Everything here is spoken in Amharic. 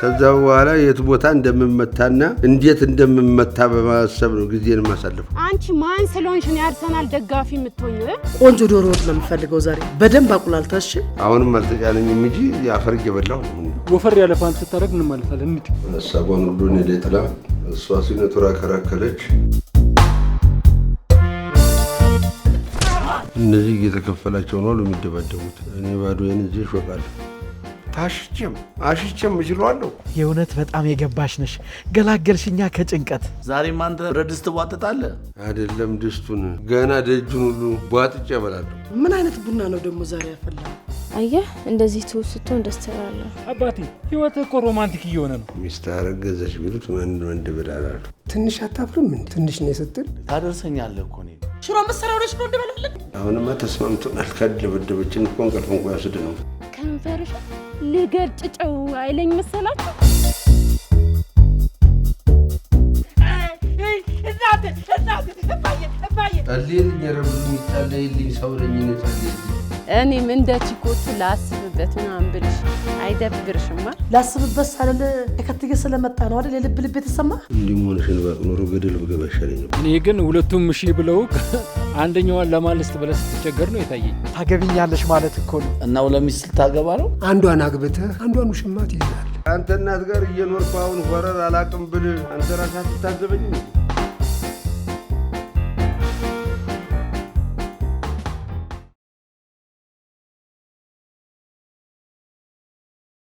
ከዛ በኋላ የት ቦታ እንደምመታና እንዴት እንደምመታ በማሰብ ነው ጊዜን ማሳለፍ። አንቺ ማን ስለሆንሽ ነው የአርሰናል ደጋፊ የምትሆኝ? ቆንጆ ዶሮ ወጥ ነው የምፈልገው ዛሬ በደንብ አቁላልተሽ። አሁንም አልተጫነኝም እንጂ የአፈር እየበላሁ ነው። ወፈር ያለ ፓንት ስታደርግ እንማለታለን። እንዲ ሳቧን ሁሉ እኔ ላይ ጥላ እሷ ሲነቱራ ከራከለች። እነዚህ እየተከፈላቸው ነው የሚደባደቡት። እኔ ባዶ ይህን እዚህ ታሽቼም አሽቼም እችላለሁ። የእውነት በጣም የገባሽ ነሽ። ገላገልሽኛ ከጭንቀት። ዛሬም አንተ ረድስት ቧጥጣለህ አይደለም? ድስቱን ገና ደጁን ሁሉ ቧጥጬ እበላለሁ። ምን አይነት ቡና ነው ደግሞ ዛሬ ያፈላ? አየህ፣ እንደዚህ ትውስቶ ስትሆን ደስ ትላለህ። አባቴ ህይወት እኮ ሮማንቲክ እየሆነ ነው። ሚስት አረገዘች ቢሉት ወንድ ወንድ ብላላሉ። ትንሽ አታፍርም? እንዲ ትንሽ ነው ስትል ታደርሰኛለህ እኮ እኔ ሽሮ መሰራ ወደሽ ሽሮ እንድበላለን። አሁንማ ተስማምቶናል። ከድብድብችን እኮ እንቅልፍ እንኳ ያስድ ነው ከንፈርሽ ልገጭጨው አይለኝ መሰላችሁ። እኔም እንደ ችኮቹ ላስብበት ምናምን ብልሽ አይደብርሽማ? ላስብበት ሳልል ተከትዬ ስለመጣ ነው አይደል? የልብ ልብ የተሰማ እንዲህ መሆንሽን ባቅ ኖሮ ገደል ብገባ ይሻለኝ። እኔ ግን ሁለቱም እሺ ብለው አንደኛዋን ለማለስት ብለህ ስትቸገር ነው የታየኝ። ታገብኛለሽ ማለት እኮ ነው እና ለሚስት ታገባ ነው። አንዷን አግብተህ አንዷን ውሽማት ይዛል። አንተ እናት ጋር እየኖርኩ አሁን ወረር አላቅም ብል አንተ ራስህ አትታዘበኝም?